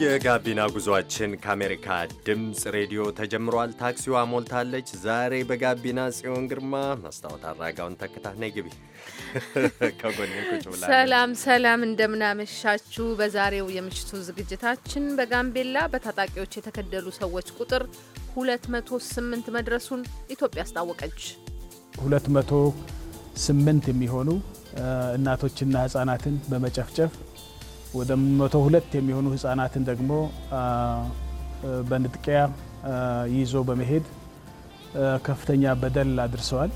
የጋቢና ጉዟችን ከአሜሪካ ድምፅ ሬዲዮ ተጀምሯል። ታክሲዋ ሞልታለች። ዛሬ በጋቢና ጽዮን ግርማ፣ መስታወት አራጋውን ተክታ ነይ ግቢ ከጎኔ ቁጭ ብላ። ሰላም ሰላም፣ እንደምናመሻችሁ። በዛሬው የምሽቱ ዝግጅታችን በጋምቤላ በታጣቂዎች የተገደሉ ሰዎች ቁጥር 208 መድረሱን ኢትዮጵያ አስታወቀች። 208 የሚሆኑ እናቶችና ህጻናትን በመጨፍጨፍ ወደ 102 የሚሆኑ ህጻናትን ደግሞ በንጥቂያ ይዞ በመሄድ ከፍተኛ በደል አድርሰዋል።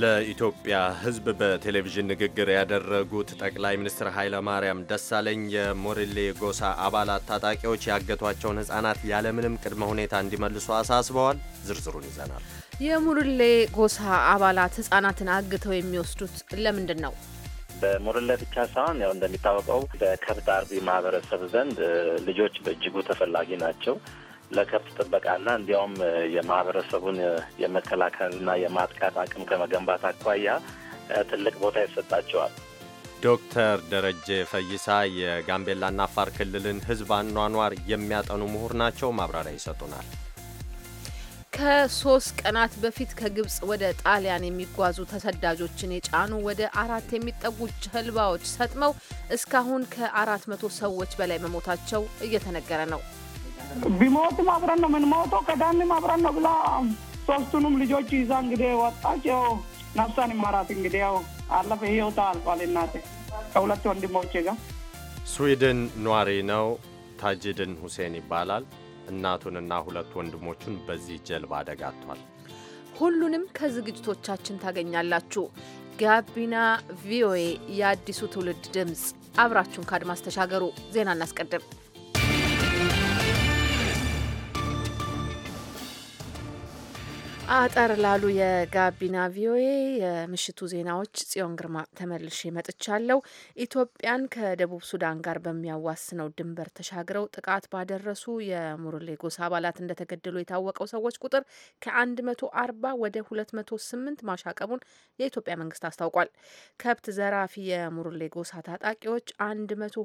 ለኢትዮጵያ ሕዝብ በቴሌቪዥን ንግግር ያደረጉት ጠቅላይ ሚኒስትር ኃይለማርያም ደሳለኝ የሞሪሌ ጎሳ አባላት ታጣቂዎች ያገቷቸውን ህጻናት ያለምንም ቅድመ ሁኔታ እንዲመልሱ አሳስበዋል። ዝርዝሩን ይዘናል። የሙርሌ ጎሳ አባላት ህጻናትን አግተው የሚወስዱት ለምንድን ነው? በሙርለ ብቻ ሳይሆን ያው እንደሚታወቀው በከብት አርቢ ማህበረሰብ ዘንድ ልጆች በእጅጉ ተፈላጊ ናቸው። ለከብት ጥበቃና እንዲያውም የማህበረሰቡን የመከላከልና የማጥቃት አቅም ከመገንባት አኳያ ትልቅ ቦታ ይሰጣቸዋል። ዶክተር ደረጀ ፈይሳ የጋምቤላና አፋር ክልልን ህዝብ አኗኗር የሚያጠኑ ምሁር ናቸው። ማብራሪያ ይሰጡናል። ከሶስት ቀናት በፊት ከግብጽ ወደ ጣሊያን የሚጓዙ ተሰዳጆችን የጫኑ ወደ አራት የሚጠጉ ጀልባዎች ሰጥመው እስካሁን ከአራት መቶ ሰዎች በላይ መሞታቸው እየተነገረ ነው። ቢሞትም አብረን ነው የምንሞተው፣ ከዳንም አብረን ነው ብላ ሶስቱንም ልጆች ይዛ እንግዲህ ወጣች። ያው ነፍሷን ይማራት እንግዲህ ያው አለፈ፣ ህይወቷ አልፏል። እናቴ ከሁለት ወንድሞቼ ጋር ስዊድን ኗሪ ነው። ታጅድን ሁሴን ይባላል። እናቱንና ሁለት ወንድሞቹን በዚህ ጀልባ አደጋ አጥቷል። ሁሉንም ከዝግጅቶቻችን ታገኛላችሁ። ጋቢና ቪኦኤ የአዲሱ ትውልድ ድምፅ። አብራችሁን ከአድማስ ተሻገሩ። ዜና እናስቀድም። አጠር ላሉ የጋቢና ቪኦኤ የምሽቱ ዜናዎች ጽዮን ግርማ ተመልሼ መጥቻለሁ። ኢትዮጵያን ከደቡብ ሱዳን ጋር በሚያዋስነው ድንበር ተሻግረው ጥቃት ባደረሱ የሙርሌ ጎሳ አባላት እንደተገደሉ የታወቀው ሰዎች ቁጥር ከ አርባ ወደ መቶ ስምንት ማሻቀቡን የኢትዮጵያ መንግስት አስታውቋል። ከብት ዘራፊ የሙርሌ ጎሳ ታጣቂዎች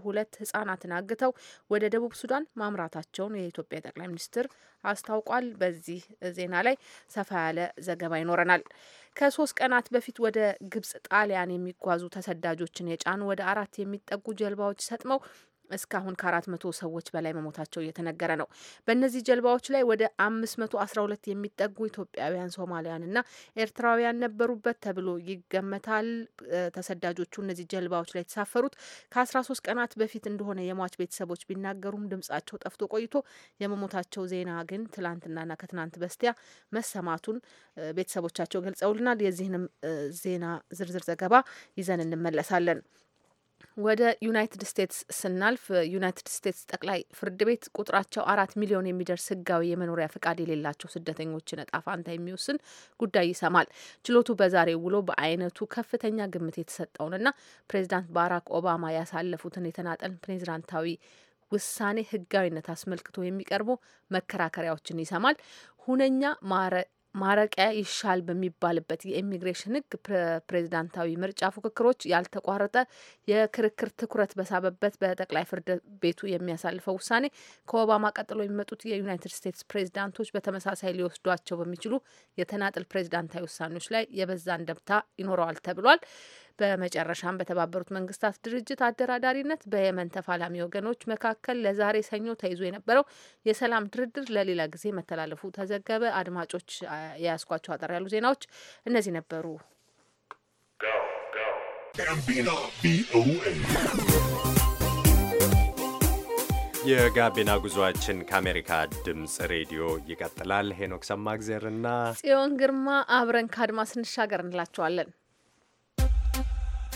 ሁለት ህጻናትን አግተው ወደ ደቡብ ሱዳን ማምራታቸውን የኢትዮጵያ ጠቅላይ ሚኒስትር አስታውቋል። በዚህ ዜና ላይ ሰፋ ያለ ዘገባ ይኖረናል። ከሶስት ቀናት በፊት ወደ ግብጽ ጣሊያን የሚጓዙ ተሰዳጆችን የጫኑ ወደ አራት የሚጠጉ ጀልባዎች ሰጥመው እስካሁን ከአራት መቶ ሰዎች በላይ መሞታቸው እየተነገረ ነው። በእነዚህ ጀልባዎች ላይ ወደ አምስት መቶ አስራ ሁለት የሚጠጉ ኢትዮጵያውያን ሶማሊያንና ኤርትራውያን ነበሩበት ተብሎ ይገመታል። ተሰዳጆቹ እነዚህ ጀልባዎች ላይ የተሳፈሩት ከአስራ ሶስት ቀናት በፊት እንደሆነ የሟች ቤተሰቦች ቢናገሩም ድምጻቸው ጠፍቶ ቆይቶ የመሞታቸው ዜና ግን ትላንትናና ከትናንት በስቲያ መሰማቱን ቤተሰቦቻቸው ገልጸውልናል። የዚህንም ዜና ዝርዝር ዘገባ ይዘን እንመለሳለን። ወደ ዩናይትድ ስቴትስ ስናልፍ ዩናይትድ ስቴትስ ጠቅላይ ፍርድ ቤት ቁጥራቸው አራት ሚሊዮን የሚደርስ ህጋዊ የመኖሪያ ፈቃድ የሌላቸው ስደተኞችን እጣ ፋንታ የሚወስን ጉዳይ ይሰማል። ችሎቱ በዛሬው ውሎ በአይነቱ ከፍተኛ ግምት የተሰጠውንና ፕሬዚዳንት ባራክ ኦባማ ያሳለፉትን የተናጠል ፕሬዚዳንታዊ ውሳኔ ህጋዊነት አስመልክቶ የሚቀርቡ መከራከሪያዎችን ይሰማል። ሁነኛ ማረቂያ ይሻል በሚባልበት የኢሚግሬሽን ህግ ፕሬዚዳንታዊ ምርጫ ፉክክሮች ያልተቋረጠ የክርክር ትኩረት በሳበበት በጠቅላይ ፍርድ ቤቱ የሚያሳልፈው ውሳኔ ከኦባማ ቀጥሎ የሚመጡት የዩናይትድ ስቴትስ ፕሬዚዳንቶች በተመሳሳይ ሊወስዷቸው በሚችሉ የተናጥል ፕሬዚዳንታዊ ውሳኔዎች ላይ የበዛ እንደምታ ይኖረዋል ተብሏል። በመጨረሻም በተባበሩት መንግስታት ድርጅት አደራዳሪነት በየመን ተፋላሚ ወገኖች መካከል ለዛሬ ሰኞ ተይዞ የነበረው የሰላም ድርድር ለሌላ ጊዜ መተላለፉ ተዘገበ። አድማጮች የያስኳቸው አጠር ያሉ ዜናዎች እነዚህ ነበሩ። የጋቢና ጉዞአችን ከአሜሪካ ድምፅ ሬዲዮ ይቀጥላል። ሄኖክ ሰማግዜርና ጽዮን ግርማ አብረን ከአድማስ ስንሻገር እንላቸዋለን።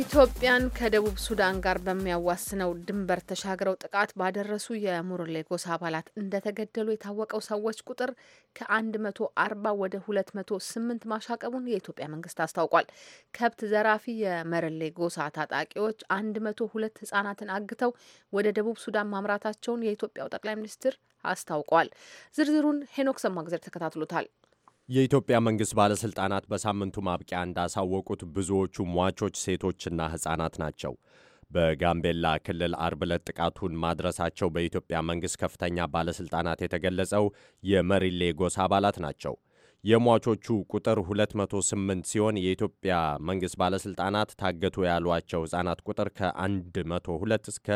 ኢትዮጵያን ከደቡብ ሱዳን ጋር በሚያዋስነው ድንበር ተሻግረው ጥቃት ባደረሱ የሙርሌ ጎሳ አባላት እንደተገደሉ የታወቀው ሰዎች ቁጥር ከ140 ወደ 208 ማሻቀቡን የኢትዮጵያ መንግስት አስታውቋል። ከብት ዘራፊ የመርሌ ጎሳ ታጣቂዎች 102 ህጻናትን አግተው ወደ ደቡብ ሱዳን ማምራታቸውን የኢትዮጵያው ጠቅላይ ሚኒስትር አስታውቋል። ዝርዝሩን ሄኖክ ሰማግዘር ተከታትሎታል። የኢትዮጵያ መንግስት ባለሥልጣናት በሳምንቱ ማብቂያ እንዳሳወቁት ብዙዎቹ ሟቾች ሴቶችና ሕፃናት ናቸው። በጋምቤላ ክልል አርብ ዕለት ጥቃቱን ማድረሳቸው በኢትዮጵያ መንግስት ከፍተኛ ባለሥልጣናት የተገለጸው የመሪሌ ጎሳ አባላት ናቸው። የሟቾቹ ቁጥር 208 ሲሆን የኢትዮጵያ መንግሥት ባለሥልጣናት ታገቱ ያሏቸው ሕፃናት ቁጥር ከ102 እስከ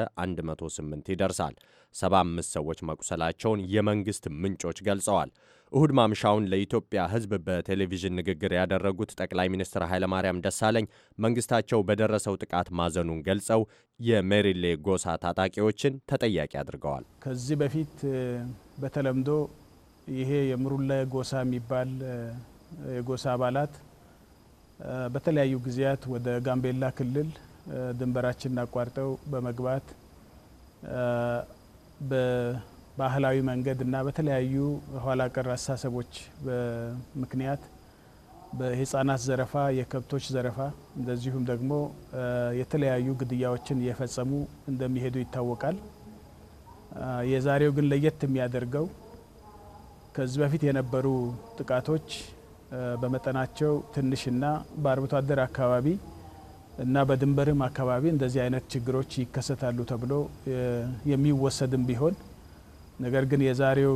108 ይደርሳል። 75 ሰዎች መቁሰላቸውን የመንግሥት ምንጮች ገልጸዋል። እሁድ ማምሻውን ለኢትዮጵያ ሕዝብ በቴሌቪዥን ንግግር ያደረጉት ጠቅላይ ሚኒስትር ኃይለማርያም ደሳለኝ መንግሥታቸው በደረሰው ጥቃት ማዘኑን ገልጸው የሜሪሌ ጎሳ ታጣቂዎችን ተጠያቂ አድርገዋል። ከዚህ በፊት በተለምዶ ይሄ የምሩላ የጎሳ የሚባል የጎሳ አባላት በተለያዩ ጊዜያት ወደ ጋምቤላ ክልል ድንበራችንን አቋርጠው በመግባት በባህላዊ መንገድ እና በተለያዩ ኋላ ቀር አስተሳሰቦች ምክንያት በህፃናት ዘረፋ፣ የከብቶች ዘረፋ እንደዚሁም ደግሞ የተለያዩ ግድያዎችን እየፈጸሙ እንደሚሄዱ ይታወቃል። የዛሬው ግን ለየት የሚያደርገው ከዚህ በፊት የነበሩ ጥቃቶች በመጠናቸው ትንሽና በአርብቶ አደር አካባቢ እና በድንበርም አካባቢ እንደዚህ አይነት ችግሮች ይከሰታሉ ተብሎ የሚወሰድም ቢሆን ነገር ግን የዛሬው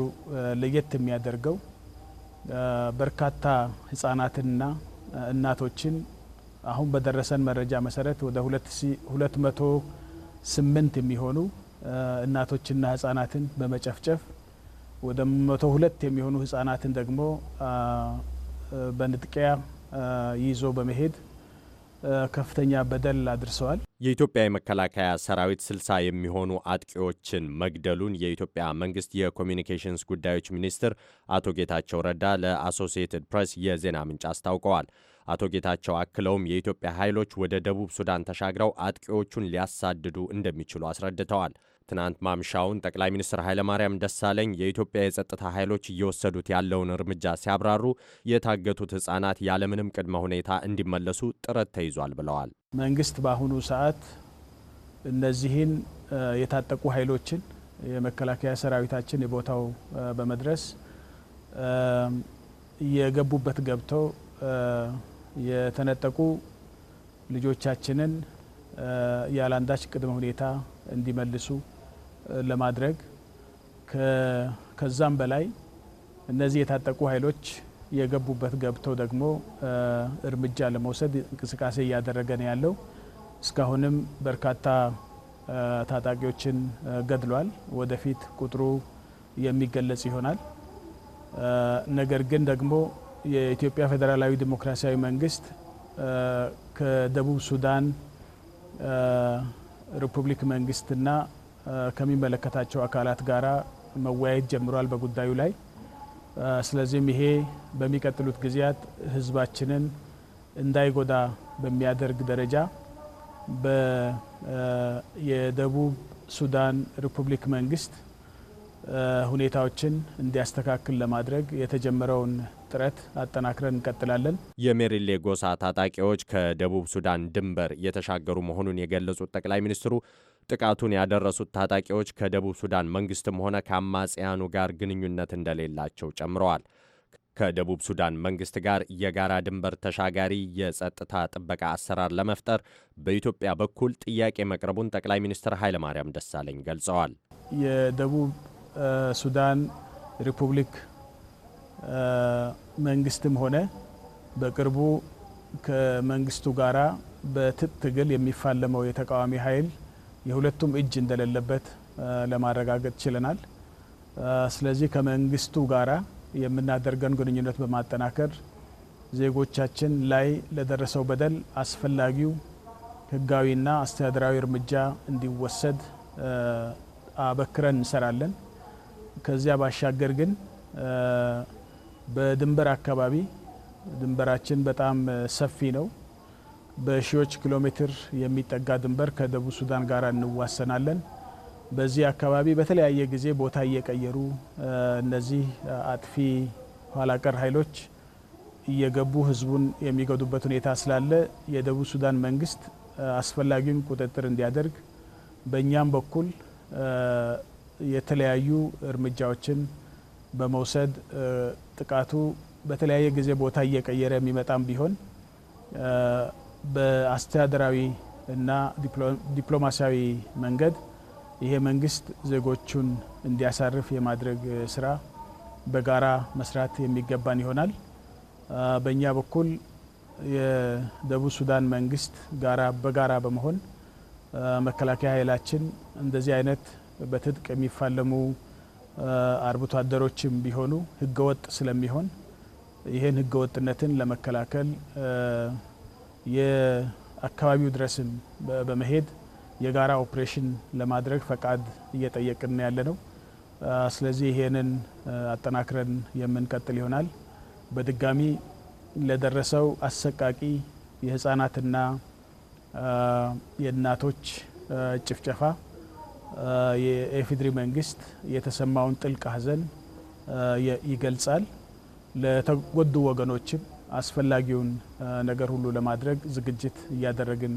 ለየት የሚያደርገው በርካታ ህጻናትንና እናቶችን አሁን በደረሰን መረጃ መሰረት ወደ 208 የሚሆኑ እናቶችና ህጻናትን በመጨፍጨፍ ወደ መቶ ሁለት የሚሆኑ ህጻናትን ደግሞ በንጥቂያ ይዞ በመሄድ ከፍተኛ በደል አድርሰዋል። የኢትዮጵያ የመከላከያ ሰራዊት ስልሳ የሚሆኑ አጥቂዎችን መግደሉን የኢትዮጵያ መንግስት የኮሚኒኬሽንስ ጉዳዮች ሚኒስትር አቶ ጌታቸው ረዳ ለአሶሲየትድ ፕሬስ የዜና ምንጭ አስታውቀዋል። አቶ ጌታቸው አክለውም የኢትዮጵያ ኃይሎች ወደ ደቡብ ሱዳን ተሻግረው አጥቂዎቹን ሊያሳድዱ እንደሚችሉ አስረድተዋል። ትናንት ማምሻውን ጠቅላይ ሚኒስትር ኃይለማርያም ደሳለኝ የኢትዮጵያ የጸጥታ ኃይሎች እየወሰዱት ያለውን እርምጃ ሲያብራሩ የታገቱት ህጻናት ያለምንም ቅድመ ሁኔታ እንዲመለሱ ጥረት ተይዟል ብለዋል። መንግስት በአሁኑ ሰዓት እነዚህን የታጠቁ ኃይሎችን የመከላከያ ሰራዊታችን የቦታው በመድረስ የገቡበት ገብተው የተነጠቁ ልጆቻችንን ያለአንዳች ቅድመ ሁኔታ እንዲመልሱ ለማድረግ ከዛም በላይ እነዚህ የታጠቁ ኃይሎች የገቡበት ገብተው ደግሞ እርምጃ ለመውሰድ እንቅስቃሴ እያደረገ ነው ያለው። እስካሁንም በርካታ ታጣቂዎችን ገድሏል። ወደፊት ቁጥሩ የሚገለጽ ይሆናል። ነገር ግን ደግሞ የኢትዮጵያ ፌዴራላዊ ዲሞክራሲያዊ መንግስት ከደቡብ ሱዳን ሪፑብሊክ መንግስትና ከሚመለከታቸው አካላት ጋራ መወያየት ጀምሯል በጉዳዩ ላይ። ስለዚህም ይሄ በሚቀጥሉት ጊዜያት ህዝባችንን እንዳይጎዳ በሚያደርግ ደረጃ የደቡብ ሱዳን ሪፑብሊክ መንግስት ሁኔታዎችን እንዲያስተካክል ለማድረግ የተጀመረውን ጥረት አጠናክረን እንቀጥላለን። የሜሪሌ ጎሳ ታጣቂዎች ከደቡብ ሱዳን ድንበር የተሻገሩ መሆኑን የገለጹት ጠቅላይ ሚኒስትሩ ጥቃቱን ያደረሱት ታጣቂዎች ከደቡብ ሱዳን መንግስትም ሆነ ከአማጽያኑ ጋር ግንኙነት እንደሌላቸው ጨምረዋል። ከደቡብ ሱዳን መንግስት ጋር የጋራ ድንበር ተሻጋሪ የጸጥታ ጥበቃ አሰራር ለመፍጠር በኢትዮጵያ በኩል ጥያቄ መቅረቡን ጠቅላይ ሚኒስትር ኃይለማርያም ደሳለኝ ገልጸዋል። የደቡብ ሱዳን ሪፑብሊክ መንግስትም ሆነ በቅርቡ ከመንግስቱ ጋራ በትጥቅ ትግል የሚፋለመው የተቃዋሚ ኃይል የሁለቱም እጅ እንደሌለበት ለማረጋገጥ ችለናል። ስለዚህ ከመንግስቱ ጋራ የምናደርገን ግንኙነት በማጠናከር ዜጎቻችን ላይ ለደረሰው በደል አስፈላጊው ህጋዊና አስተዳደራዊ እርምጃ እንዲወሰድ አበክረን እንሰራለን። ከዚያ ባሻገር ግን በድንበር አካባቢ ድንበራችን በጣም ሰፊ ነው። በሺዎች ኪሎ ሜትር የሚጠጋ ድንበር ከደቡብ ሱዳን ጋር እንዋሰናለን። በዚህ አካባቢ በተለያየ ጊዜ ቦታ እየቀየሩ እነዚህ አጥፊ ኋላቀር ኃይሎች እየገቡ ህዝቡን የሚገዱበት ሁኔታ ስላለ የደቡብ ሱዳን መንግስት አስፈላጊውን ቁጥጥር እንዲያደርግ በእኛም በኩል የተለያዩ እርምጃዎችን በመውሰድ ጥቃቱ በተለያየ ጊዜ ቦታ እየቀየረ የሚመጣም ቢሆን በአስተዳደራዊ እና ዲፕሎማሲያዊ መንገድ ይሄ መንግስት ዜጎቹን እንዲያሳርፍ የማድረግ ስራ በጋራ መስራት የሚገባን ይሆናል። በእኛ በኩል የደቡብ ሱዳን መንግስት ጋራ በጋራ በመሆን መከላከያ ኃይላችን እንደዚህ አይነት በትጥቅ የሚፋለሙ አርብቶ አደሮችም ቢሆኑ ህገወጥ ስለሚሆን ይህን ህገወጥነትን ለመከላከል የአካባቢው ድረስም በመሄድ የጋራ ኦፕሬሽን ለማድረግ ፈቃድ እየጠየቅን ያለ ነው። ስለዚህ ይሄንን አጠናክረን የምንቀጥል ይሆናል። በድጋሚ ለደረሰው አሰቃቂ የህፃናትና የእናቶች ጭፍጨፋ የኢፌዴሪ መንግስት የተሰማውን ጥልቅ ሐዘን ይገልጻል። ለተጎዱ ወገኖችም አስፈላጊውን ነገር ሁሉ ለማድረግ ዝግጅት እያደረግን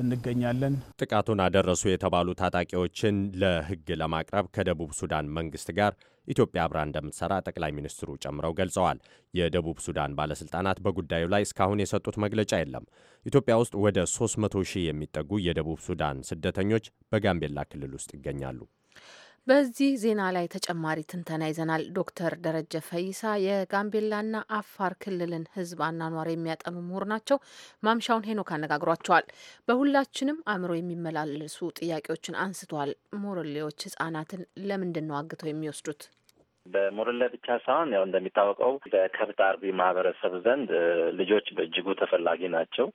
እንገኛለን። ጥቃቱን አደረሱ የተባሉ ታጣቂዎችን ለሕግ ለማቅረብ ከደቡብ ሱዳን መንግስት ጋር ኢትዮጵያ አብራ እንደምትሰራ ጠቅላይ ሚኒስትሩ ጨምረው ገልጸዋል። የደቡብ ሱዳን ባለስልጣናት በጉዳዩ ላይ እስካሁን የሰጡት መግለጫ የለም። ኢትዮጵያ ውስጥ ወደ 300 ሺህ የሚጠጉ የደቡብ ሱዳን ስደተኞች በጋምቤላ ክልል ውስጥ ይገኛሉ። በዚህ ዜና ላይ ተጨማሪ ትንተና ይዘናል። ዶክተር ደረጀ ፈይሳ የጋምቤላና አፋር ክልልን ሕዝብ አናኗር የሚያጠኑ ምሁር ናቸው። ማምሻውን ሄኖክ አነጋግሯቸዋል። በሁላችንም አእምሮ የሚመላለሱ ጥያቄዎችን አንስተዋል። ሞረሌዎች ሕጻናትን ለምንድን ነው አግተው የሚወስዱት? በሞረሌ ብቻ ሳይሆን ያው እንደሚታወቀው በከብት አርቢ ማህበረሰብ ዘንድ ልጆች በእጅጉ ተፈላጊ ናቸው።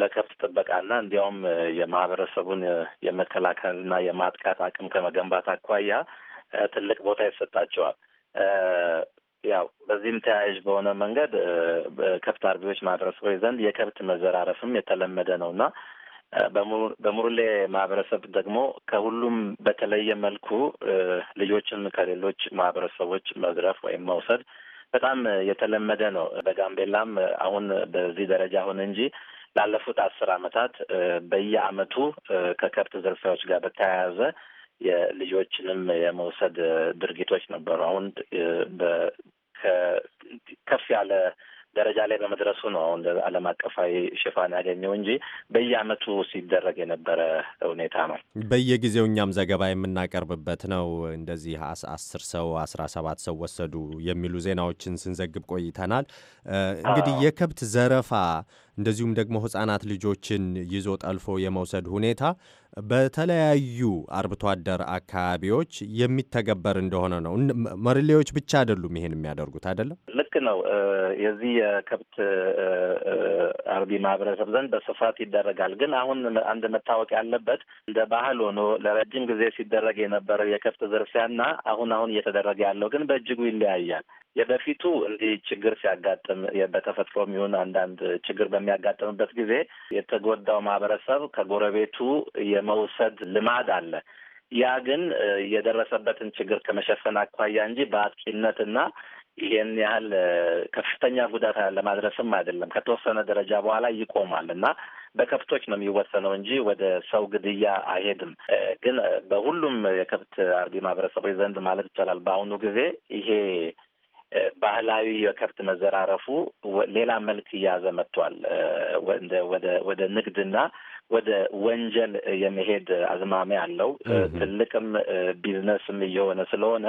ለከብት ጥበቃና እንዲያውም የማህበረሰቡን የመከላከልና የማጥቃት አቅም ከመገንባት አኳያ ትልቅ ቦታ ይሰጣቸዋል። ያው በዚህም ተያያዥ በሆነ መንገድ ከብት አርቢዎች ማህበረሰቦች ዘንድ የከብት መዘራረፍም የተለመደ ነው እና በሙርሌ ማህበረሰብ ደግሞ ከሁሉም በተለየ መልኩ ልጆችን ከሌሎች ማህበረሰቦች መዝረፍ ወይም መውሰድ በጣም የተለመደ ነው። በጋምቤላም አሁን በዚህ ደረጃ አሁን እንጂ ላለፉት አስር አመታት በየአመቱ ከከብት ዝርፊያዎች ጋር በተያያዘ የልጆችንም የመውሰድ ድርጊቶች ነበሩ። አሁን ከፍ ያለ ደረጃ ላይ በመድረሱ ነው አለም ዓለም አቀፋዊ ሽፋን ያገኘው እንጂ በየዓመቱ ሲደረግ የነበረ ሁኔታ ነው። በየጊዜው እኛም ዘገባ የምናቀርብበት ነው። እንደዚህ አስር ሰው አስራ ሰባት ሰው ወሰዱ የሚሉ ዜናዎችን ስንዘግብ ቆይተናል። እንግዲህ የከብት ዘረፋ እንደዚሁም ደግሞ ሕጻናት ልጆችን ይዞ ጠልፎ የመውሰድ ሁኔታ በተለያዩ አርብቶ አደር አካባቢዎች የሚተገበር እንደሆነ ነው። መሪሌዎች ብቻ አይደሉም ይሄን የሚያደርጉት አይደለም። ልክ ነው። የዚህ የከብት አርቢ ማህበረሰብ ዘንድ በስፋት ይደረጋል። ግን አሁን አንድ መታወቅ ያለበት እንደ ባህል ሆኖ ለረጅም ጊዜ ሲደረግ የነበረው የከብት ዝርፊያና አሁን አሁን እየተደረገ ያለው ግን በእጅጉ ይለያያል። የበፊቱ እንዲህ ችግር ሲያጋጥም በተፈጥሮ የሚሆን አንዳንድ ችግር በሚያጋጥምበት ጊዜ የተጎዳው ማህበረሰብ ከጎረቤቱ የመውሰድ ልማድ አለ። ያ ግን የደረሰበትን ችግር ከመሸፈን አኳያ እንጂ በአጥቂነትና ይሄን ያህል ከፍተኛ ጉዳት ለማድረስም አይደለም። ከተወሰነ ደረጃ በኋላ ይቆማል እና በከብቶች ነው የሚወሰነው እንጂ ወደ ሰው ግድያ አይሄድም። ግን በሁሉም የከብት አርቢ ማህበረሰቦች ዘንድ ማለት ይቻላል በአሁኑ ጊዜ ይሄ ባህላዊ የከብት መዘራረፉ ሌላ መልክ እያዘ መጥቷል። ወደ ንግድና ወደ ወንጀል የመሄድ አዝማሚያ አለው። ትልቅም ቢዝነስም እየሆነ ስለሆነ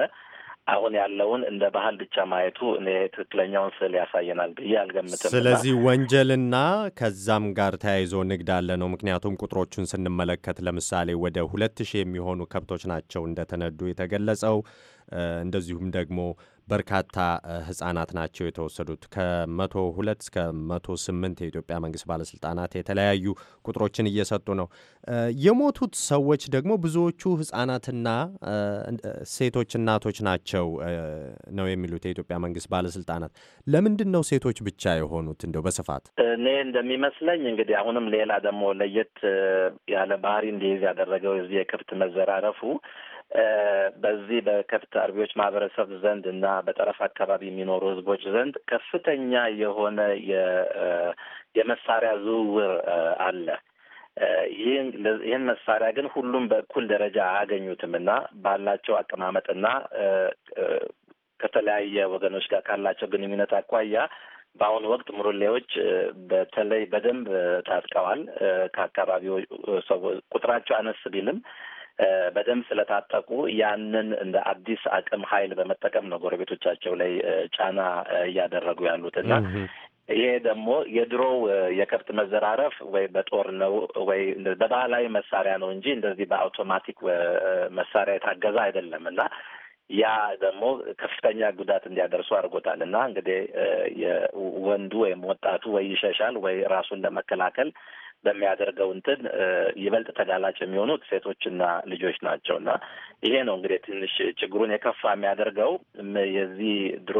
አሁን ያለውን እንደ ባህል ብቻ ማየቱ እኔ ትክክለኛውን ስዕል ያሳየናል ብዬ አልገምትም። ስለዚህ ወንጀልና ከዛም ጋር ተያይዞ ንግድ አለ ነው። ምክንያቱም ቁጥሮቹን ስንመለከት ለምሳሌ ወደ ሁለት ሺህ የሚሆኑ ከብቶች ናቸው እንደተነዱ የተገለጸው። እንደዚሁም ደግሞ በርካታ ህጻናት ናቸው የተወሰዱት። ከመቶ ሁለት እስከ መቶ ስምንት የኢትዮጵያ መንግስት ባለስልጣናት የተለያዩ ቁጥሮችን እየሰጡ ነው። የሞቱት ሰዎች ደግሞ ብዙዎቹ ህጻናትና ሴቶች እናቶች ናቸው ነው የሚሉት የኢትዮጵያ መንግስት ባለስልጣናት። ለምንድን ነው ሴቶች ብቻ የሆኑት? እንደው በስፋት እኔ እንደሚመስለኝ እንግዲህ አሁንም ሌላ ደግሞ ለየት ያለ ባህሪ እንዲይዝ ያደረገው የዚህ መዘራረፉ በዚህ በከብት አርቢዎች ማህበረሰብ ዘንድ እና በጠረፍ አካባቢ የሚኖሩ ህዝቦች ዘንድ ከፍተኛ የሆነ የመሳሪያ ዝውውር አለ። ይህን መሳሪያ ግን ሁሉም በእኩል ደረጃ አያገኙትም እና ባላቸው አቀማመጥና ከተለያየ ወገኖች ጋር ካላቸው ግንኙነት አኳያ በአሁኑ ወቅት ሙሩሌዎች በተለይ በደንብ ታጥቀዋል። ከአካባቢው ሰው ቁጥራቸው አነስ ቢልም በደንብ ስለታጠቁ ያንን እንደ አዲስ አቅም ኃይል በመጠቀም ነው ጎረቤቶቻቸው ላይ ጫና እያደረጉ ያሉት እና ይሄ ደግሞ የድሮው የከብት መዘራረፍ ወይ በጦር ነው ወይ በባህላዊ መሳሪያ ነው እንጂ እንደዚህ በአውቶማቲክ መሳሪያ የታገዘ አይደለም እና ያ ደግሞ ከፍተኛ ጉዳት እንዲያደርሱ አድርጎታል። እና እንግዲህ ወንዱ ወይም ወጣቱ ወይ ይሸሻል ወይ ራሱን ለመከላከል በሚያደርገው እንትን ይበልጥ ተጋላጭ የሚሆኑት ሴቶችና ልጆች ናቸው። እና ይሄ ነው እንግዲህ ትንሽ ችግሩን የከፋ የሚያደርገው የዚህ ድሮ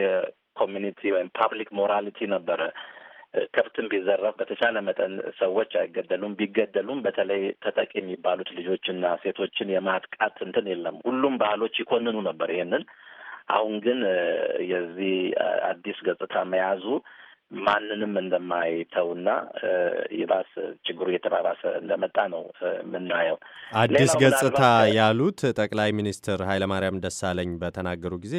የኮሚኒቲ ወይም ፓብሊክ ሞራሊቲ ነበረ ከብትም ቢዘረፍ በተቻለ መጠን ሰዎች አይገደሉም። ቢገደሉም በተለይ ተጠቂ የሚባሉት ልጆችና ሴቶችን የማጥቃት እንትን የለም። ሁሉም ባህሎች ይኮንኑ ነበር ይሄንን። አሁን ግን የዚህ አዲስ ገጽታ መያዙ ማንንም እንደማይተውና ይባስ ችግሩ እየተባባሰ እንደመጣ ነው የምናየው። አዲስ ገጽታ ያሉት ጠቅላይ ሚኒስትር ኃይለማርያም ደሳለኝ በተናገሩ ጊዜ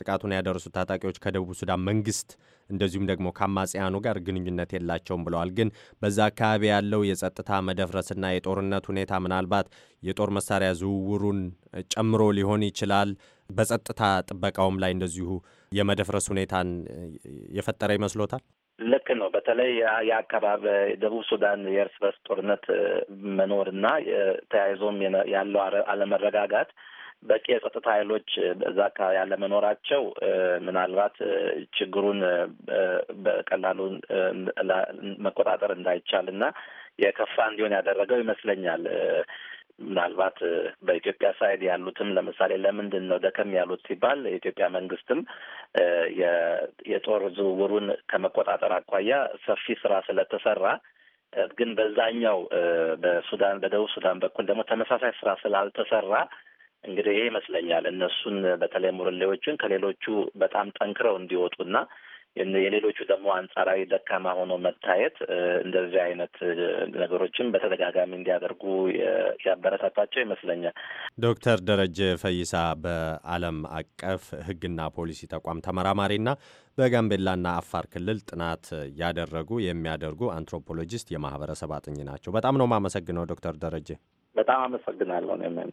ጥቃቱን ያደረሱት ታጣቂዎች ከደቡብ ሱዳን መንግስት እንደዚሁም ደግሞ ከአማጽያኑ ጋር ግንኙነት የላቸውም ብለዋል። ግን በዛ አካባቢ ያለው የጸጥታ መደፍረስና የጦርነት ሁኔታ ምናልባት የጦር መሳሪያ ዝውውሩን ጨምሮ ሊሆን ይችላል። በጸጥታ ጥበቃውም ላይ እንደዚሁ የመደፍረስ ሁኔታን የፈጠረ ይመስሎታል? ልክ ነው። በተለይ የአካባቢ ደቡብ ሱዳን የእርስ በርስ ጦርነት መኖርና ተያይዞም ያለው አለመረጋጋት በቂ የጸጥታ ኃይሎች በዛ አካባቢ ያለመኖራቸው ምናልባት ችግሩን በቀላሉ መቆጣጠር እንዳይቻል እና የከፋ እንዲሆን ያደረገው ይመስለኛል። ምናልባት በኢትዮጵያ ሳይድ ያሉትም ለምሳሌ ለምንድን ነው ደከም ያሉት ሲባል የኢትዮጵያ መንግስትም የጦር ዝውውሩን ከመቆጣጠር አኳያ ሰፊ ስራ ስለተሰራ ግን በዛኛው በሱዳን በደቡብ ሱዳን በኩል ደግሞ ተመሳሳይ ስራ ስላልተሰራ እንግዲህ ይሄ ይመስለኛል እነሱን በተለይ ሙርሌዎችን ከሌሎቹ በጣም ጠንክረው እንዲወጡና የሌሎቹ ደግሞ አንጻራዊ ደካማ ሆኖ መታየት እንደዚህ አይነት ነገሮችን በተደጋጋሚ እንዲያደርጉ ያበረታታቸው ይመስለኛል። ዶክተር ደረጀ ፈይሳ በዓለም አቀፍ ሕግና ፖሊሲ ተቋም ተመራማሪና በጋምቤላና አፋር ክልል ጥናት ያደረጉ የሚያደርጉ አንትሮፖሎጂስት፣ የማህበረሰብ አጥኚ ናቸው። በጣም ነው የማመሰግነው ዶክተር ደረጀ። በጣም አመሰግናለሁ ነው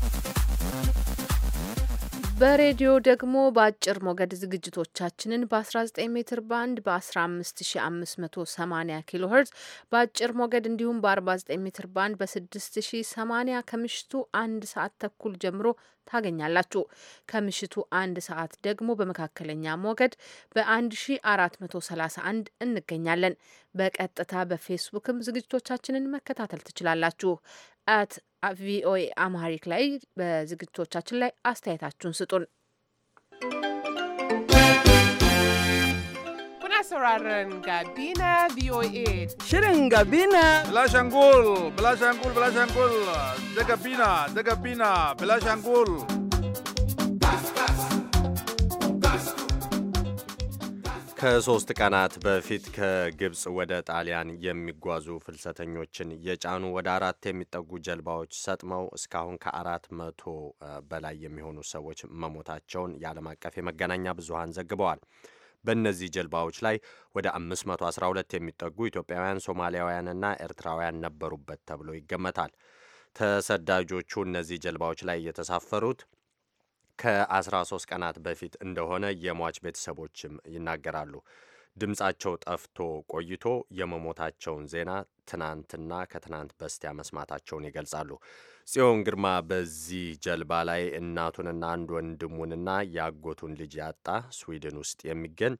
በሬዲዮ ደግሞ በአጭር ሞገድ ዝግጅቶቻችንን በ19 ሜትር ባንድ በ15580 ኪሎ ሄርዝ በአጭር ሞገድ እንዲሁም በ49 ሜትር ባንድ በ6080 ከምሽቱ አንድ ሰዓት ተኩል ጀምሮ ታገኛላችሁ። ከምሽቱ አንድ ሰዓት ደግሞ በመካከለኛ ሞገድ በ1431 እንገኛለን። በቀጥታ በፌስቡክም ዝግጅቶቻችንን መከታተል ትችላላችሁ። አት ቪኦኤ አማሪክ ላይ በዝግጅቶቻችን ላይ አስተያየታችሁን ስጡን። sauraron Gabina VOA. Shirin Gabina. Bilashangul, Bilashangul, Bilashangul. Da Gabina, da Gabina, Bilashangul. ከሶስት ቀናት በፊት ከግብፅ ወደ ጣሊያን የሚጓዙ ፍልሰተኞችን የጫኑ ወደ አራት የሚጠጉ ጀልባዎች ሰጥመው እስካሁን ከአራት መቶ በላይ የሚሆኑ ሰዎች መሞታቸውን የዓለም አቀፍ የመገናኛ ብዙሃን ዘግበዋል። በእነዚህ ጀልባዎች ላይ ወደ 512 የሚጠጉ ኢትዮጵያውያን፣ ሶማሊያውያንና ኤርትራውያን ነበሩበት ተብሎ ይገመታል። ተሰዳጆቹ እነዚህ ጀልባዎች ላይ የተሳፈሩት ከ13 ቀናት በፊት እንደሆነ የሟች ቤተሰቦችም ይናገራሉ። ድምፃቸው ጠፍቶ ቆይቶ የመሞታቸውን ዜና ትናንትና ከትናንት በስቲያ መስማታቸውን ይገልጻሉ። ጽዮን ግርማ በዚህ ጀልባ ላይ እናቱንና አንድ ወንድሙንና የአጎቱን ልጅ ያጣ ስዊድን ውስጥ የሚገኝ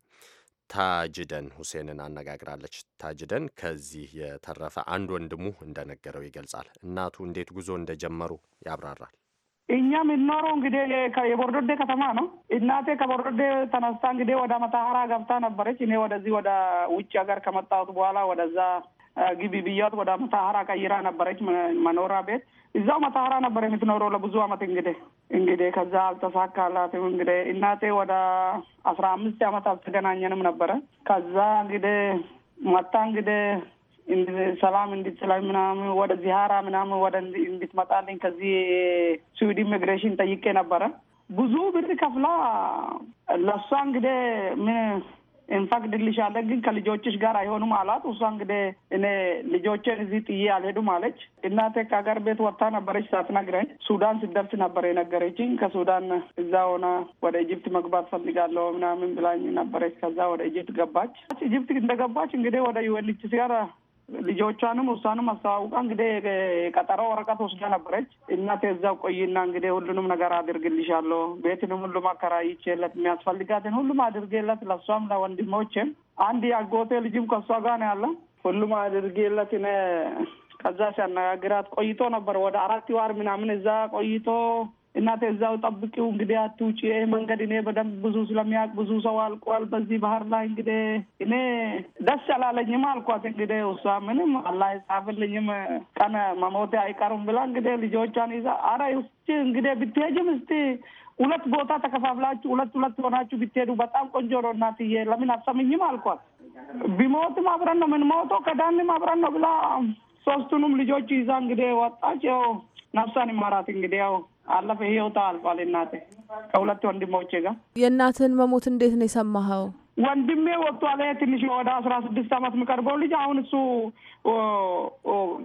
ታጅደን ሁሴንን አነጋግራለች። ታጅደን ከዚህ የተረፈ አንድ ወንድሙ እንደነገረው ይገልጻል። እናቱ እንዴት ጉዞ እንደጀመሩ ያብራራል። እኛ የምንኖረው እንግዲህ የቦርዶዴ ከተማ ነው። እናቴ ከቦርዶዴ ተነስታ እንግዲህ ወደ መታሀራ ገብታ ነበረች። እኔ ወደዚህ ወደ ውጭ ሀገር ከመጣሁት በኋላ ወደዛ ግቢ ብያት ወደ መታሀራ ቀይራ ነበረች መኖሪያ ቤት። እዛው መታሀራ ነበር የምትኖረው ለብዙ አመት። እንግዲህ እንግዲህ ከዛ አልተሳካላትም። እንግዲህ እናቴ ወደ አስራ አምስት አመት አልተገናኘንም ነበረ። ከዛ እንግዲህ መታ እንግዲህ ሰላም እንድትችላል ምናምን ወደዚህ ሀራ ምናምን ወደ እንድትመጣልኝ ከዚህ ስዊድ ኢሚግሬሽን ጠይቄ ነበረ። ብዙ ብር ከፍላ ለእሷ እንግዲህ ምን እንፈቅድልሻለን ግን ከልጆችሽ ጋር አይሆኑም አላት። እሷ እንግዲህ እኔ ልጆችን እዚህ ጥዬ አልሄዱም አለች። እናቴ ከሀገር ቤት ወጥታ ነበረች ሳትነግረኝ። ሱዳን ስደርስ ነበር የነገረችኝ። ከሱዳን እዛ ሆና ወደ ኢጅፕት መግባት ፈልጋለሁ ምናምን ብላኝ ነበረች። ከዛ ወደ ኢጅፕት ገባች። ኢጅፕት እንደገባች እንግዲህ ወደ ዩኤንኤችሲአር ልጆቿንም እሷንም አስተዋውቃ እንግዲህ ቀጠሮ ወረቀት ወስዳ ነበረች። እናቴ እዛ ቆይና እንግዲህ ሁሉንም ነገር አድርግልሻለሁ፣ ቤትንም ሁሉም አከራይቼለት የሚያስፈልጋትን ሁሉም አድርጌለት ለእሷም ለወንድሞቼም አንድ ያጎቴ ልጅም ከእሷ ጋር ነው ያለ ሁሉም አድርጌለት እኔ ከዛ ሲያነጋግራት ቆይቶ ነበር። ወደ አራት ዋር ምናምን እዛ ቆይቶ እናተ እዛው ጠብቂው እንግዲህ አትውጪ። ይህ መንገድ እኔ በደንብ ብዙ ስለሚያውቅ ብዙ ሰው አልቋል በዚህ ባህር ላይ እንግዲህ እኔ ደስ አላለኝም አልኳት። እንግዲህ እሷ ምንም አላህ ይጻፍልኝም ቀን መሞቴ አይቀሩም ብላ እንግዲህ ልጆቿን ይዛ አረ ውስጭ እንግዲህ ብትሄጅም እስቲ ሁለት ቦታ ተከፋፍላችሁ ሁለት ሁለት ሆናችሁ ብትሄዱ በጣም ቆንጆ ነው እናትዬ፣ ለምን አትሰምኝም አልኳት። ቢሞትም አብረን ነው ምን ሞቶ ከዳንም አብረን ነው ብላ ሶስቱንም ልጆች ይዛ እንግዲህ ወጣች። ያው ነፍሷን ይማራት እንግዲህ ያው አለፈ። ህይወቷ አልፏል። እናቴ ከሁለት ወንድሞቼ ጋር። የእናትህን መሞት እንዴት ነው የሰማኸው? ወንድሜ ወጥቷ ላይ ትንሽ ወደ አስራ ስድስት አመት የሚቀርበው ልጅ አሁን እሱ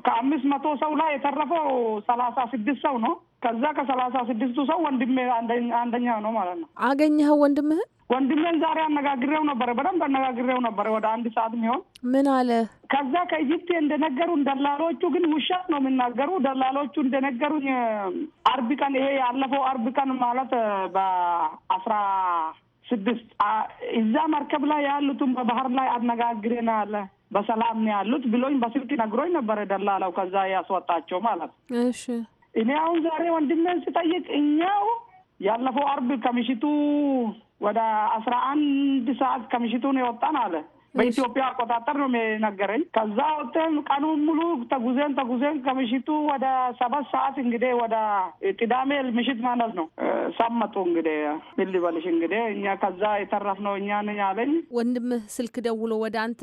ከአምስት መቶ ሰው ላይ የተረፈው ሰላሳ ስድስት ሰው ነው ከዛ ከሰላሳ ስድስቱ ሰው ወንድሜ አንደኛ ነው ማለት ነው። አገኘኸው ወንድምህን? ወንድሜን ዛሬ አነጋግሬው ነበረ፣ በደንብ አነጋግሬው ነበረ ወደ አንድ ሰዓት የሚሆን ምን አለ። ከዛ ከኢጅፕት እንደነገሩን ደላሎቹ ግን ውሸት ነው የሚናገሩ ደላሎቹ እንደነገሩኝ አርብ ቀን ይሄ ያለፈው አርብ ቀን ማለት በአስራ ስድስት እዛ መርከብ ላይ ያሉትን በባህር ላይ አነጋግሬናል በሰላም ነው ያሉት ብሎኝ በስልክ ነግሮኝ ነበረ ደላላው። ከዛ ያስወጣቸው ማለት ነው። እሺ እኔ አሁን ዛሬ ወንድሜን ስጠይቅ እኛው ያለፈው አርብ ከምሽቱ ወደ አስራ አንድ ሰዓት ከምሽቱን የወጣን አለ በኢትዮጵያ አቆጣጠር ነው የነገረኝ። ከዛ ወጥተን ቀኑ ሙሉ ተጉዘን ተጉዘን ከምሽቱ ወደ ሰባት ሰዓት እንግዲህ ወደ ቅዳሜ ምሽት ማለት ነው ሰመጡ እንግዲህ ምን ልበልሽ እንግዲህ እኛ ከዛ የተረፍነው እኛን ያለኝ ወንድምህ ስልክ ደውሎ ወደ አንተ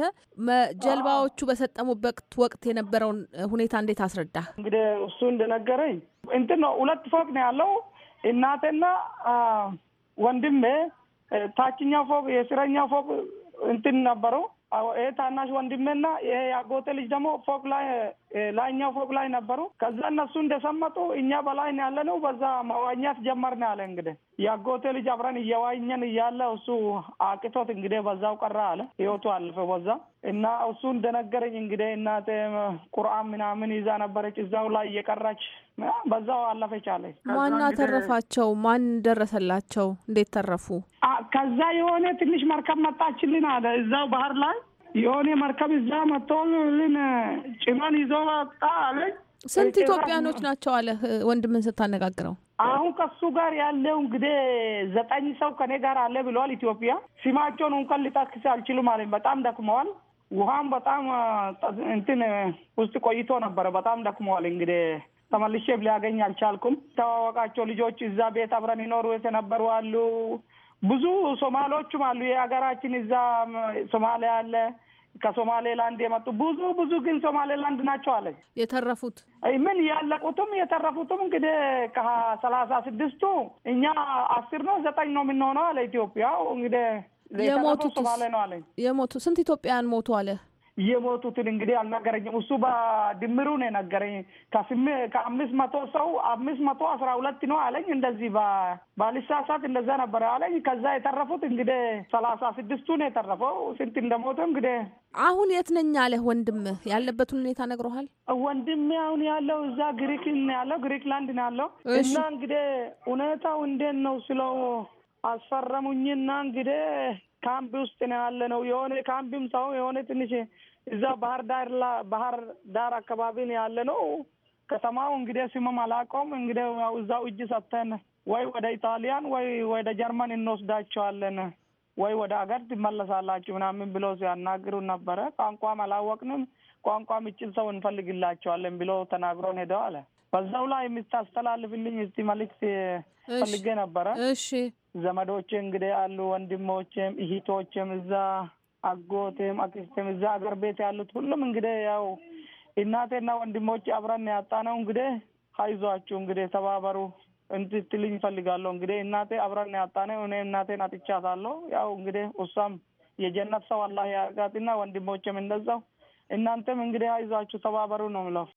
ጀልባዎቹ በሰጠሙበት ወቅት የነበረውን ሁኔታ እንዴት አስረዳ? እንግዲህ እሱ እንደነገረኝ እንትን ነው ሁለት ፎቅ ነው ያለው እናቴና ወንድሜ ታችኛው ፎቅ የስረኛው ፎቅ እንትን ነበሩ። ይሄ ታናሽ ወንድሜና ይሄ ያጎቴ ልጅ ደግሞ ፎቅ ላይ ላይኛው ፎቅ ላይ ነበሩ። ከዛ እነሱ እንደሰመጡ እኛ በላይ ያለ ነው። በዛ መዋኘት ጀመርን አለ እንግዲህ ያጎቴ ልጅ አብረን እየዋኘን እያለ እሱ አቅቶት እንግዲህ በዛው ቀራ አለ። ህይወቱ አልፈ በዛ እና እሱ እንደነገረኝ እንግዲህ እናቴ ቁርአን ምናምን ይዛ ነበረች እዛው ላይ እየቀራች በዛው አለፈች አለች። ማን አተረፋቸው? ማን ደረሰላቸው? እንዴት ተረፉ? ከዛ የሆነ ትንሽ መርከብ መጣችልን አለ እዛው ባህር ላይ የሆነ መርከብ እዛ መጥቶልን ጭኖን ይዞ መጣ አለች። ስንት ኢትዮጵያኖች ናቸው አለ ወንድምን ስታነጋግረው? አሁን ከሱ ጋር ያለው እንግዲህ ዘጠኝ ሰው ከኔ ጋር አለ ብለዋል። ኢትዮጵያ ስማቸውን እንኳን ልጠቅስ አልችሉም አለኝ። በጣም ደክመዋል። ውሃም በጣም እንትን ውስጥ ቆይቶ ነበረ። በጣም ደክመዋል እንግዲህ ተመልሼ ሊያገኝ አልቻልኩም። ተዋወቃቸው ልጆች እዛ ቤት አብረን ይኖሩ የተነበሩ አሉ። ብዙ ሶማሌዎቹም አሉ። የሀገራችን እዛ ሶማሌ አለ ከሶማሌላንድ የመጡ ብዙ ብዙ ግን ሶማሌላንድ ናቸው አለ። የተረፉት ምን ያለቁትም የተረፉትም እንግዲህ ከሰላሳ ስድስቱ እኛ አስር ነው ዘጠኝ ነው የምንሆነው አለ ኢትዮጵያው እንግዲህ የሞቱ ሶማሌ ነው አለ። የሞቱ ስንት ኢትዮጵያውያን ሞቱ አለ የሞቱትን እንግዲህ አልነገረኝም። እሱ በድምሩ ነው የነገረኝ። ከአምስት መቶ ሰው አምስት መቶ አስራ ሁለት ነው አለኝ። እንደዚህ ባልሳሳት እንደዛ ነበረ አለኝ። ከዛ የተረፉት እንግዲህ ሰላሳ ስድስቱ ነው የተረፈው። ስንት እንደሞተ እንግዲህ አሁን የት ነኝ አለህ ወንድም? ያለበትን ሁኔታ ነግረሃል። ወንድም አሁን ያለው እዛ ግሪክ ነው ያለው፣ ግሪክላንድ ነው ያለው እና እንግዲህ ሁኔታው እንዴት ነው ስለው አስፈረሙኝና እንግዲህ ካምፕ ውስጥ ነው ያለ ነው። የሆነ ካምፕም ሳይሆን የሆነ ትንሽ እዛ ባህር ዳር ባህር ዳር አካባቢ ነው ያለ ነው። ከተማው እንግዲህ ስምም አላውቀውም። እንግዲህ ያው እዛው እጅ ሰጥተን ወይ ወደ ኢጣሊያን ወይ ወደ ጀርመን እንወስዳቸዋለን ወይ ወደ ሀገር ትመለሳላችሁ ምናምን ብሎ ሲያናግሩ ነበረ። ቋንቋም አላወቅንም። ቋንቋ ምችል ሰው እንፈልግላቸዋለን ብሎ ተናግሮን አለ። በዛው ላይ የምታስተላልፍልኝ እስቲ መልዕክት ፈልጌ ነበረ። እሺ ዘመዶቼ እንግዲህ አሉ፣ ወንድሞቼም እህቶቼም እዛ አጎቴም አክስቴም እዛ አገር ቤት ያሉት ሁሉም እንግዲህ ያው እናቴና ወንድሞች አብረን ያጣ ነው። እንግዲህ ሀይዟችሁ እንግዲህ ተባበሩ እንትትልኝ ይፈልጋለሁ። እንግዲህ እናቴ አብረን ያጣ ነው። እኔ እናቴን አጥቻታለሁ። ያው እንግዲህ እሷም የጀነት ሰው አላህ ያርጋትና ወንድሞቼም እንደዛው እናንተም እንግዲህ አይዟችሁ ተባበሩ ነው ምለው።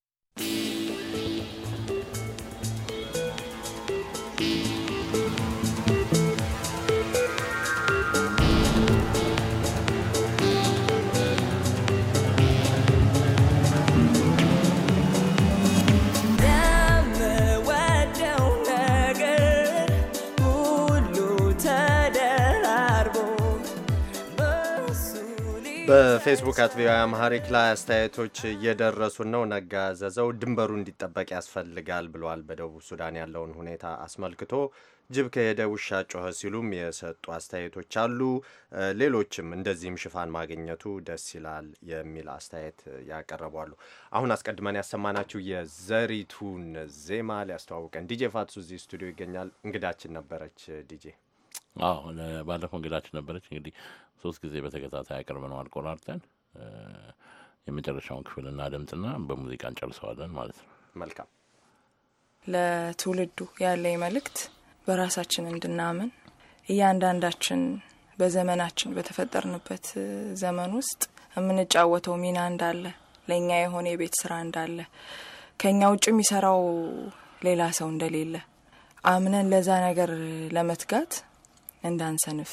ፌስቡክ አት ቪኦኤ አማሪክ ላይ አስተያየቶች እየደረሱን ነው። ነጋ ዘዘው ድንበሩ እንዲጠበቅ ያስፈልጋል ብለዋል። በደቡብ ሱዳን ያለውን ሁኔታ አስመልክቶ ጅብ ከሄደ ውሻ ጮኸ ሲሉም የሰጡ አስተያየቶች አሉ። ሌሎችም እንደዚህም ሽፋን ማግኘቱ ደስ ይላል የሚል አስተያየት ያቀረቧሉ። አሁን አስቀድመን ያሰማናችሁ የዘሪቱን ዜማ ሊያስተዋውቀን ዲጄ ፋትሱ እዚህ ስቱዲዮ ይገኛል። እንግዳችን ነበረች ዲጄ። አዎ ባለፈው እንግዳችን ነበረች። እንግዲህ ሶስት ጊዜ በተከታታይ አቅርበነዋል ቆራርጠን የመጨረሻውን ክፍል እናደምጥና በሙዚቃ እንጨርሰዋለን ማለት ነው። መልካም። ለትውልዱ ያለኝ መልእክት በራሳችን እንድናምን እያንዳንዳችን በዘመናችን በተፈጠርንበት ዘመን ውስጥ የምንጫወተው ሚና እንዳለ ለእኛ የሆነ የቤት ስራ እንዳለ ከእኛ ውጭ የሚሰራው ሌላ ሰው እንደሌለ አምነን ለዛ ነገር ለመትጋት እንዳንሰንፍ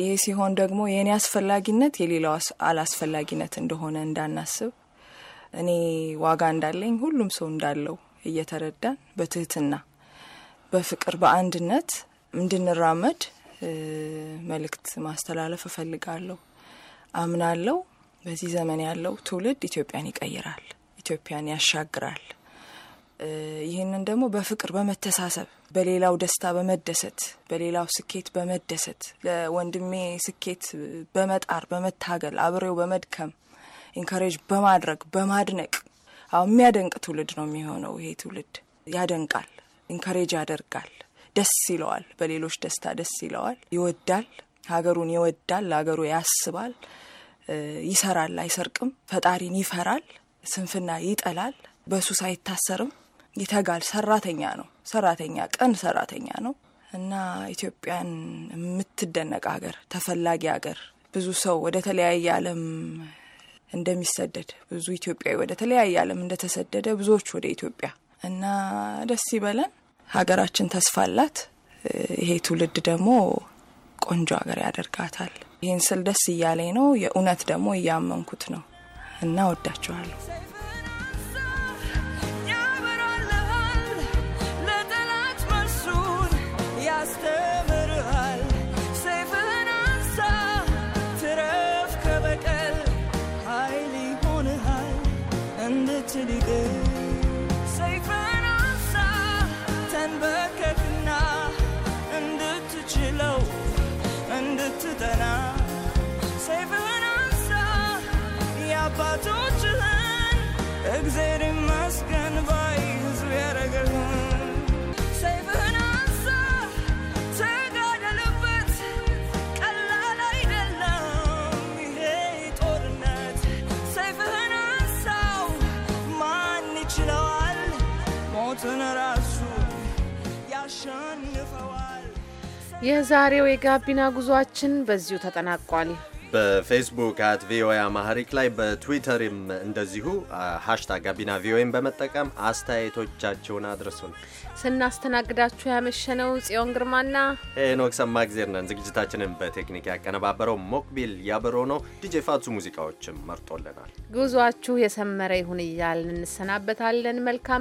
ይሄ ሲሆን ደግሞ የእኔ አስፈላጊነት የሌላው አላስፈላጊነት እንደሆነ እንዳናስብ እኔ ዋጋ እንዳለኝ ሁሉም ሰው እንዳለው እየተረዳን በትህትና በፍቅር በአንድነት እንድንራመድ መልእክት ማስተላለፍ እፈልጋለሁ። አምናለው በዚህ ዘመን ያለው ትውልድ ኢትዮጵያን ይቀይራል፣ ኢትዮጵያን ያሻግራል። ይህንን ደግሞ በፍቅር በመተሳሰብ በሌላው ደስታ በመደሰት በሌላው ስኬት በመደሰት ለወንድሜ ስኬት በመጣር በመታገል አብሬው በመድከም ኢንካሬጅ በማድረግ በማድነቅ አሁን የሚያደንቅ ትውልድ ነው የሚሆነው። ይሄ ትውልድ ያደንቃል፣ ኢንካሬጅ ያደርጋል፣ ደስ ይለዋል፣ በሌሎች ደስታ ደስ ይለዋል፣ ይወዳል፣ ሀገሩን ይወዳል፣ ለሀገሩ ያስባል፣ ይሰራል፣ አይሰርቅም፣ ፈጣሪን ይፈራል፣ ስንፍና ይጠላል፣ በሱስ አይታሰርም። ይተጋል። ሰራተኛ ነው። ሰራተኛ ቀን ሰራተኛ ነው እና ኢትዮጵያን የምትደነቅ ሀገር፣ ተፈላጊ ሀገር፣ ብዙ ሰው ወደ ተለያየ ዓለም እንደሚሰደድ ብዙ ኢትዮጵያዊ ወደ ተለያየ ዓለም እንደተሰደደ ብዙዎች ወደ ኢትዮጵያ እና ደስ ይበለን። ሀገራችን ተስፋ አላት። ይሄ ትውልድ ደግሞ ቆንጆ ሀገር ያደርጋታል። ይህን ስል ደስ እያለኝ ነው። የእውነት ደግሞ እያመንኩት ነው እና ወዳችኋለሁ። የዛሬው የጋቢና ጉዟችን በዚሁ ተጠናቋል። በፌስቡክ አት ቪኦኤ አማህሪክ ላይ በትዊተርም እንደዚሁ ሀሽታግ ጋቢና ቪኦኤን በመጠቀም አስተያየቶቻቸውን አድርሱን። ስናስተናግዳችሁ ያመሸነው ጽዮን ግርማና ሄኖክ ጊዜር ነን። ዝግጅታችንን በቴክኒክ ያቀነባበረው ሞክቢል ያበሮ ነው። ዲጄ ፋቱ ሙዚቃዎችም መርጦልናል። ጉዟችሁ የሰመረ ይሁን እያልን እንሰናበታለን። መልካም